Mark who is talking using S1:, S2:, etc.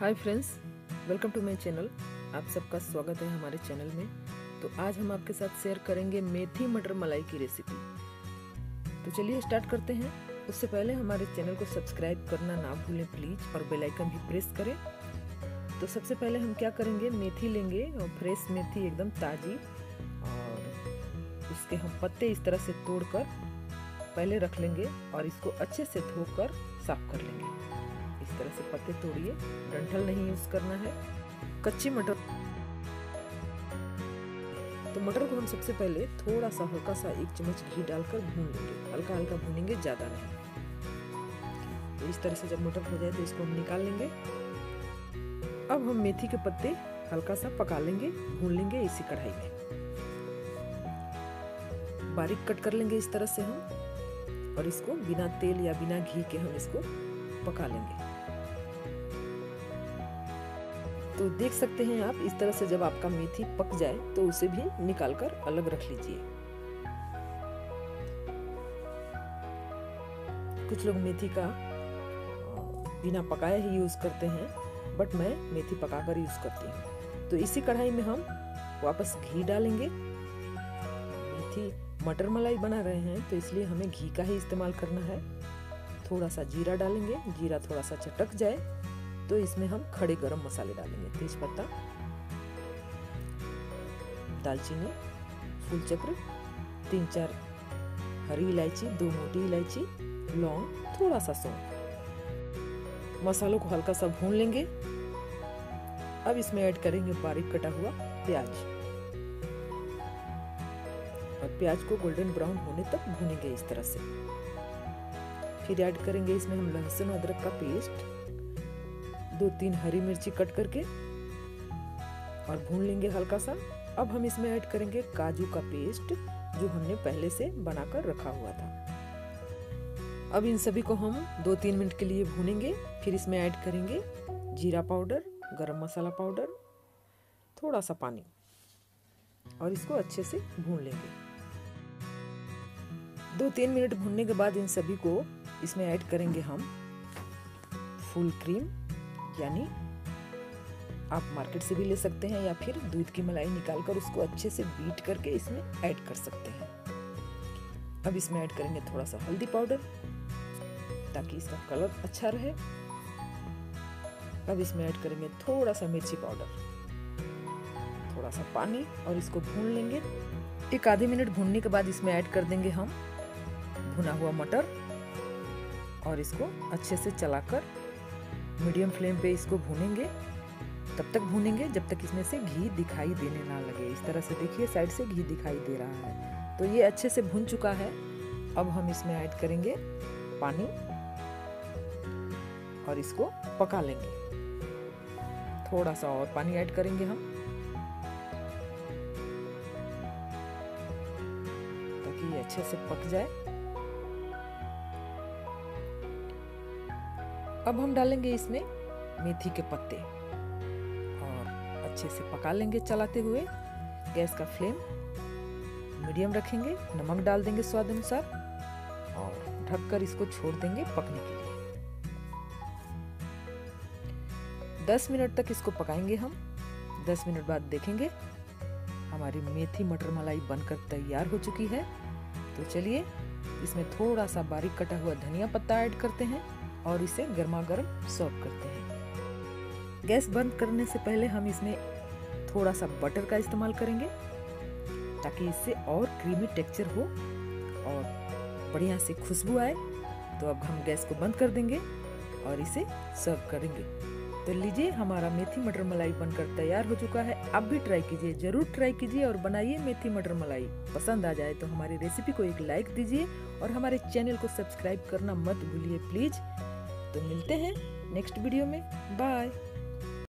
S1: hi friends welcome to my channel आप सबका स्वागत है हमारे चैनल में तो आज हम आपके साथ शेयर करेंगे मेथी मटर मलाई की रेसिपी तो चलिए स्टार्ट करते हैं उससे पहले हमारे चैनल को सब्सक्राइब करना ना भूलें प्लीज और बेल आइकन भी प्रेस करें तो सबसे पहले हम क्या करेंगे मेथी लेंगे और फ्रेश मेथी एकदम ताज़ी और उसके हम पत्ते इस तरह से तोड़ कर पहले रख लेंगे और इसको अच्छे से धोकर साफ कर लेंगे इस तरह से पत्ते तोड़िए डंठल नहीं यूज़ करना है कच्ची मटर तो मटर को हम सबसे पहले थोड़ा सा हल्का सा एक चम्मच घी डालकर भून लेंगे हल्का हल्का भूनेंगे ज़्यादा नहीं तो इस तरह से जब मटर हो जाए तो इसको हम निकाल लेंगे अब हम मेथी के पत्ते हल्का सा पका लेंगे भून लेंगे इसी कढ़ाई में बारीक कट कर लेंगे इस तरह से हम और इसको बिना तेल या बिना घी के हम इसको पका लेंगे देख सकते हैं आप इस तरह से जब आपका मेथी पक जाए तो उसे भी निकाल कर अलग रख लीजिए कुछ लोग मेथी का बिना पकाए ही यूज़ करते हैं बट मैं मेथी पकाकर यूज़ करती हूँ तो इसी कढ़ाई में हम वापस घी डालेंगे मेथी मटर मलाई बना रहे हैं तो इसलिए हमें घी का ही इस्तेमाल करना है थोड़ा सा जीरा डालेंगे जीरा थोड़ा सा चटक जाए तो इसमें हम खड़े गरम मसाले डालेंगे तेज पत्ता दालचीनी फूल चक्र तीन चार हरी इलायची दो मोटी इलायची लौंग थोड़ा सा सौंफ मसालों को हल्का सा भून लेंगे अब इसमें ऐड करेंगे बारीक कटा हुआ प्याज और प्याज को गोल्डन ब्राउन होने तक भूनेंगे इस तरह से फिर ऐड करेंगे इसमें हम लहसुन अदरक का पेस्ट दो तीन हरी मिर्ची कट करके और भून लेंगे हल्का सा अब हम इसमें ऐड करेंगे काजू का पेस्ट जो हमने पहले से बनाकर रखा हुआ था अब इन सभी को हम दो तीन मिनट के लिए भूनेंगे फिर इसमें ऐड करेंगे जीरा पाउडर गरम मसाला पाउडर थोड़ा सा पानी और इसको अच्छे से भून लेंगे दो तीन मिनट भूनने के बाद इन सभी को इसमें ऐड करेंगे हम फुल क्रीम यानी आप मार्केट से भी ले सकते हैं या फिर दूध की मलाई निकाल कर उसको अच्छे से बीट करके इसमें ऐड कर सकते हैं अब इसमें ऐड करेंगे थोड़ा सा हल्दी पाउडर ताकि इसका कलर अच्छा रहे अब इसमें ऐड करेंगे थोड़ा सा मिर्ची पाउडर थोड़ा सा पानी और इसको भून लेंगे एक आधे मिनट भूनने के बाद इसमें ऐड कर देंगे हम भुना हुआ मटर और इसको अच्छे से चलाकर मीडियम फ्लेम पे इसको भूनेंगे तब तक भूनेंगे जब तक इसमें से घी दिखाई देने ना लगे इस तरह से देखिए साइड से घी दिखाई दे रहा है तो ये अच्छे से भून चुका है अब हम इसमें ऐड करेंगे पानी और इसको पका लेंगे थोड़ा सा और पानी ऐड करेंगे हम ताकि ये अच्छे से पक जाए अब हम डालेंगे इसमें मेथी के पत्ते और अच्छे से पका लेंगे चलाते हुए गैस का फ्लेम मीडियम रखेंगे नमक डाल देंगे स्वाद अनुसार और ढककर इसको छोड़ देंगे पकने के लिए 10 मिनट तक इसको पकाएंगे हम 10 मिनट बाद देखेंगे हमारी मेथी मटर मलाई बनकर तैयार हो चुकी है तो चलिए इसमें थोड़ा सा बारीक कटा हुआ धनिया पत्ता ऐड करते हैं और इसे गर्मा गर्म सर्व करते हैं गैस बंद करने से पहले हम इसमें थोड़ा सा बटर का इस्तेमाल करेंगे ताकि इससे और क्रीमी टेक्सचर हो और बढ़िया से खुशबू आए तो अब हम गैस को बंद कर देंगे और इसे सर्व करेंगे तो लीजिए हमारा मेथी मटर मलाई बनकर तैयार हो चुका है आप भी ट्राई कीजिए जरूर ट्राई कीजिए और बनाइए मेथी मटर मलाई पसंद आ जाए तो हमारी रेसिपी को एक लाइक दीजिए और हमारे चैनल को सब्सक्राइब करना मत भूलिए प्लीज़ तो मिलते हैं नेक्स्ट वीडियो में बाय